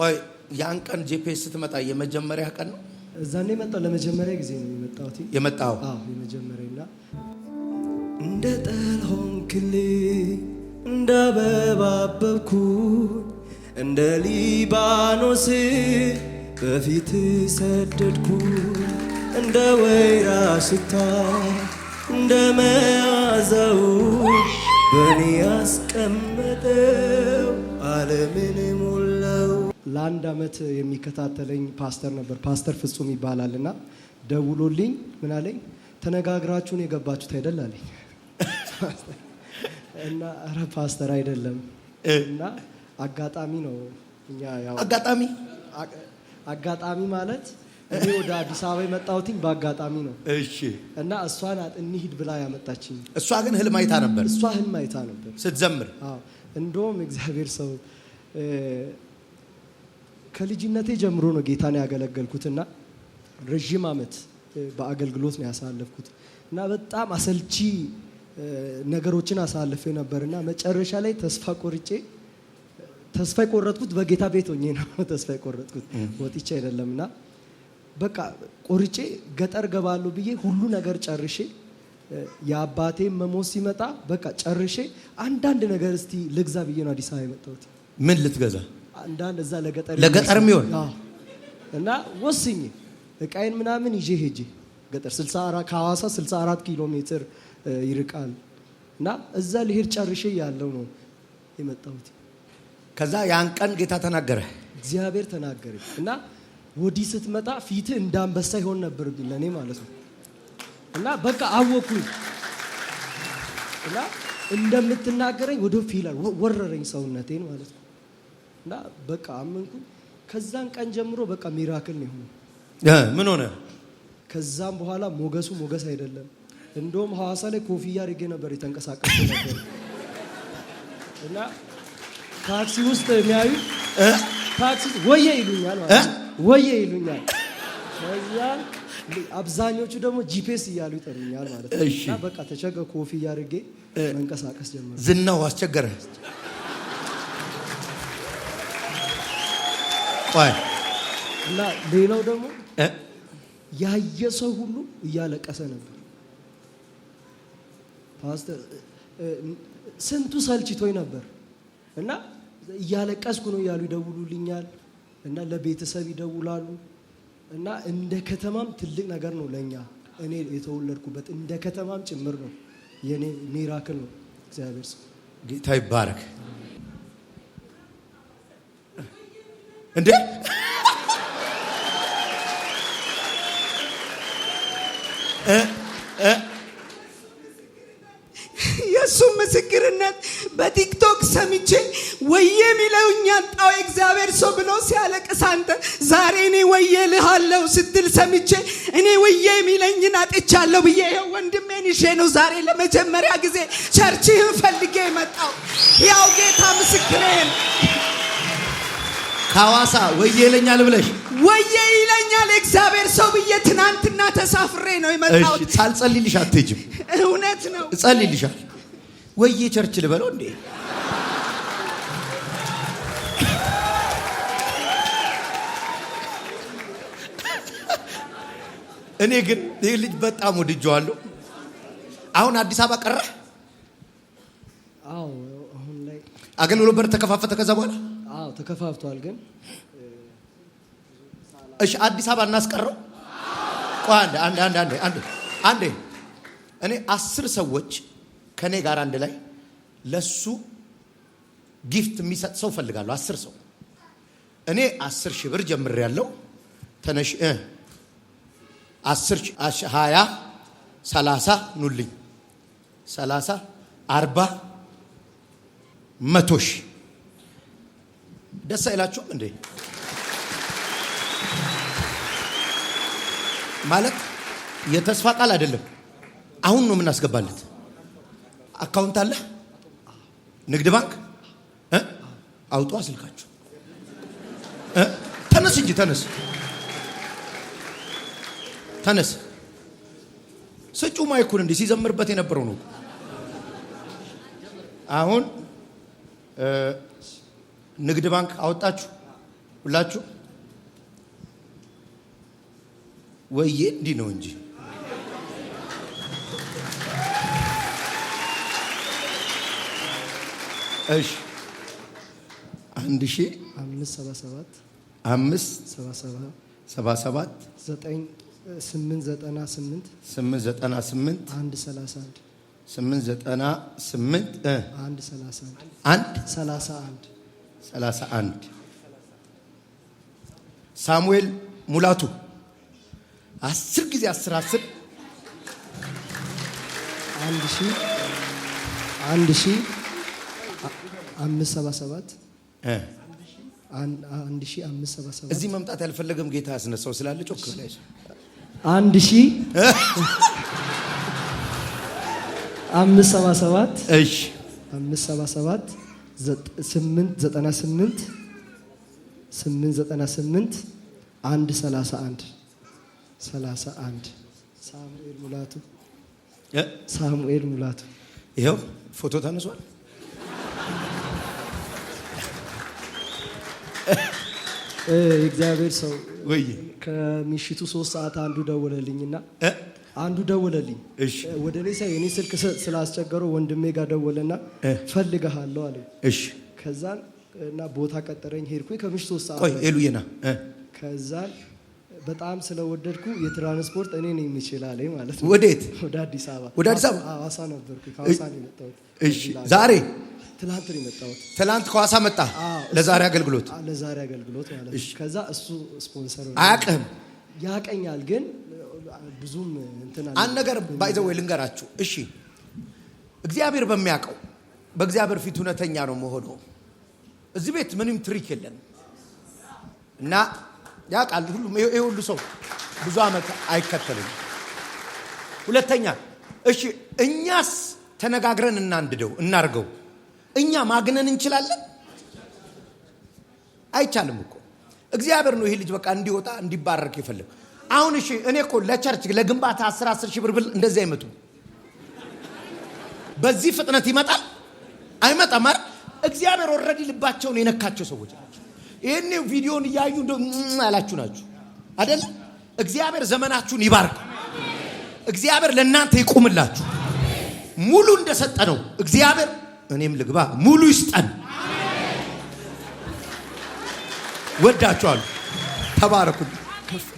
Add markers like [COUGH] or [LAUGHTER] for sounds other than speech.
ቆይ ያን ቀን ጂፒኤስ ስትመጣ የመጀመሪያ ቀን ነው እዛኔ የመጣው ለመጀመሪያ ጊዜ ነው የመጣሁት። የመጣው የመጀመሪያና እንደ ጠል ሆንክልኝ፣ እንደ አበባ አበብኩ፣ እንደ ሊባኖስ በፊት ሰደድኩ፣ እንደ ወይራ ሽታ እንደ መያዘው በእኔ ያስቀመጠው ዓለምን ለአንድ አመት የሚከታተለኝ ፓስተር ነበር። ፓስተር ፍጹም ይባላል እና ደውሎልኝ ምን አለኝ፣ ተነጋግራችሁን የገባችሁት አይደል አለኝ። እና ኧረ ፓስተር አይደለም እና አጋጣሚ ነው እኛ ያው አጋጣሚ አጋጣሚ ማለት እኔ ወደ አዲስ አበባ የመጣሁትኝ በአጋጣሚ ነው። እሺ። እና እሷ ናት እንሂድ ብላ ያመጣችኝ። እሷ ግን ህልም አይታ ነበር። እሷ ህልም አይታ ነበር ስትዘምር። እንደውም እግዚአብሔር ሰው ከልጅነቴ ጀምሮ ነው ጌታን ያገለገልኩትና ረዥም ዓመት በአገልግሎት ነው ያሳለፍኩት እና በጣም አሰልቺ ነገሮችን አሳልፌ ነበር መጨረሻ ላይ ተስፋ ቆርጬ ተስፋ የቆረጥኩት በጌታ ቤት ሆኜ ነው። [LAUGHS] ተስፋ የቆረጥኩት ወጥቼ አይደለም እና በቃ ቆርጬ ገጠር ገባለሁ ብዬ ሁሉ ነገር ጨርሼ የአባቴ መሞት ሲመጣ በቃ ጨርሼ አንዳንድ ነገር እስቲ ልግዛ ብዬ ነው አዲስ አበባ የመጣሁት። ምን ልትገዛ አንዳንድ እዛ ለገጠር የሚሆን እና ወስኜ እቃይን ምናምን ይዤ ሄጄ ገጠር ከሐዋሳ 64 ኪሎ ሜትር ይርቃል እና እዛ ልሄድ ጨርሼ ያለው ነው የመጣሁት። ከዛ ያን ቀን ጌታ ተናገረ፣ እግዚአብሔር ተናገረ እና ወዲህ ስትመጣ ፊት እንዳንበሳ ይሆን ነበርብኝ ለእኔ ማለት ነው እና በቃ አወኩኝ እና እንደምትናገረኝ ወደ ፊላል ወረረኝ ሰውነቴን ማለት ነው። እና በቃ አመንኩ። ከዛን ቀን ጀምሮ በቃ ሚራክል ነው የሆነው። ምን ሆነ? ከዛም በኋላ ሞገሱ ሞገስ አይደለም። እንደውም ሐዋሳ ላይ ኮፍያ አድርጌ ነበር የተንቀሳቀሱ ነበር እና ታክሲ ውስጥ የሚያዩ ታክሲ ወየ ይሉኛል ማለት ወየ ይሉኛል። ከዛ አብዛኞቹ ደግሞ ጂፒኤስ እያሉ ይጠሩኛል ማለት ነው። እና በቃ ተቸገ ኮፍያ አድርጌ መንቀሳቀስ ጀመረ። ዝናው አስቸገረ። እና ሌላው ደግሞ ያየ ሰው ሁሉ እያለቀሰ ነበር። ፓስተር ስንቱ ሰልችቶኝ ነበር እና እያለቀስኩ ነው እያሉ ይደውሉልኛል እና ለቤተሰብ ይደውላሉ እና እንደ ከተማም ትልቅ ነገር ነው ለእኛ እኔ የተወለድኩበት እንደ ከተማም ጭምር ነው የኔ ሚራክል ነው። እግዚአብሔር ጌታ ይባረክ። እንዴ የእሱም ምስክርነት በቲክቶክ ሰምቼ ወዬ የሚለውኝ ያጣው እግዚአብሔር ሰው ብሎ ሲያለቅስ አንተ ዛሬ እኔ ወዬ ልሃለው ስትል ሰምቼ እኔ ወዬ የሚለኝን አጥቻለሁ ብዬ ይኸው ወንድሜን ይዤ ነው ዛሬ ለመጀመሪያ ጊዜ ቸርችህን ፈልጌ የመጣው ያው ጌታ ምስክርህን ከሐዋሳ ወየ ይለኛል ብለሽ ወየ ይለኛል እግዚአብሔር ሰው ብዬ ትናንትና ተሳፍሬ ነው የመጣሁት። እሺ ሳልጸልይልሽ አትሄጂም። እውነት ነው እጸልይልሻል። ወየ ቸርች ልበለው እንዴ? እኔ ግን ይህ ልጅ በጣም ወድጄዋለሁ። አሁን አዲስ አበባ ቀረ። አገልግሎት በር ተከፋፈተ። ከዛ በኋላ አዎ ተከፋፍቷል። ግን እሺ አዲስ አበባ እናስቀረው። ቆይ አንዴ አንዴ አንዴ አንዴ አንዴ እኔ አስር ሰዎች ከኔ ጋር አንድ ላይ ለሱ ጊፍት የሚሰጥ ሰው ፈልጋለሁ። አስር ሰው እኔ አስር ሺህ ብር ጀምር ያለው ተነሽ አስር ሀያ ሰላሳ ኑልኝ ሰላሳ አርባ መቶ ሺህ ደስ አይላችሁም እንዴ? ማለት የተስፋ ቃል አይደለም። አሁን ነው የምናስገባለት። አካውንት አለ ንግድ ባንክ አውጡ፣ አስልካችሁ ተነስ እንጂ ተነስ ተነስ። ስጩ ማይኩን እንዲህ ሲዘምርበት የነበረው ነው። አሁን ንግድ ባንክ አወጣችሁ ሁላችሁ ወይዬ እንዲህ ነው እንጂ እሺ አንድ ሺ አምስት ሰባ ሰባት አምስት ሰባ ሰባት ሰባ ሰባት ዘጠኝ ስምንት ዘጠና ስምንት ስምንት ዘጠና ስምንት አንድ ሰላሳ አንድ ስምንት ዘጠና ስምንት አንድ ሰላሳ አንድ አንድ ሰላሳ አንድ 31 ሳሙኤል ሙላቱ አስር ጊዜ አስር አስር አንድ ሺ አንድ ሺ አምስት ሰባ ሰባት አንድ ሺ አምስት ሰባ ሰባት እዚህ መምጣት ያልፈለገም ጌታ ያስነሳው ስላለ ጮክ አንድ ሺ [LAUGHS] አምስት ሰባ ሰባት እሺ አምስት ሰባ ሰባት አንድ ሰላሳ አንድ ሰላሳ አንድ ሳሙኤል ሙላቱ ሳሙኤል ሙላቱ ይኸው ፎቶ ተነሷል። እግዚአብሔር ሰው ወይ ከምሽቱ ሶስት ሰዓት አንዱ ደወለልኝና አንዱ ደወለልኝ። እሺ ወደ እኔ ሳይ እኔ ስልክ ስላስቸገረው ወንድሜ ጋር ደወለና ፈልግሃለሁ አለ። እሺ ከዛን እና ቦታ ቀጠረኝ ሄድኩኝ። ከምሽቱ ሶስት ሰዓት ቆይ ሄሉዬና ከዛን በጣም ስለወደድኩ የትራንስፖርት እኔ ነኝ የምችላለኝ ማለት ነው። ወዴት? ወደ አዲስ አበባ። ወደ አዲስ አበባ ሐዋሳ ነበርኩ። ከሐዋሳ ነው የመጣሁት። እሺ ዛሬ ትላንት ነው የመጣሁት። ትላንት ከሐዋሳ መጣ ለዛሬ አገልግሎት፣ ለዛሬ አገልግሎት ማለት ነው። ከዛ እሱ ስፖንሰር አያውቅህም። ያውቀኛል ግን ብዙም አንድ ነገር ባይዘወይ ልንገራችሁ። እሺ እግዚአብሔር በሚያውቀው በእግዚአብሔር ፊት እውነተኛ ነው መሆኑ። እዚህ ቤት ምንም ትሪክ የለም እና ያውቃል ሁሉም። ይሄ ሁሉ ሰው ብዙ ዓመት አይከተልም። ሁለተኛ እሺ እኛስ ተነጋግረን እናንድደው እናርገው። እኛ ማግነን እንችላለን? አይቻልም እኮ እግዚአብሔር ነው ይሄ ልጅ በቃ እንዲወጣ እንዲባረክ የፈለገው። አሁን እሺ፣ እኔ እኮ ለቸርች ለግንባታ 10 10 ሺህ ብር ብል እንደዚህ አይመጡም። በዚህ ፍጥነት ይመጣል አይመጣም። ማር እግዚአብሔር ኦልሬዲ ልባቸውን የነካቸው ሰዎች ናቸው። ቪዲዮን እያዩ ያላችሁ ናችሁ አደለ? እግዚአብሔር ዘመናችሁን ይባርክ። እግዚአብሔር ለእናንተ ይቁምላችሁ። ሙሉ እንደሰጠ ነው እግዚአብሔር እኔም ልግባ ሙሉ ይስጠን። ወዳችኋለሁ። ተባረኩ።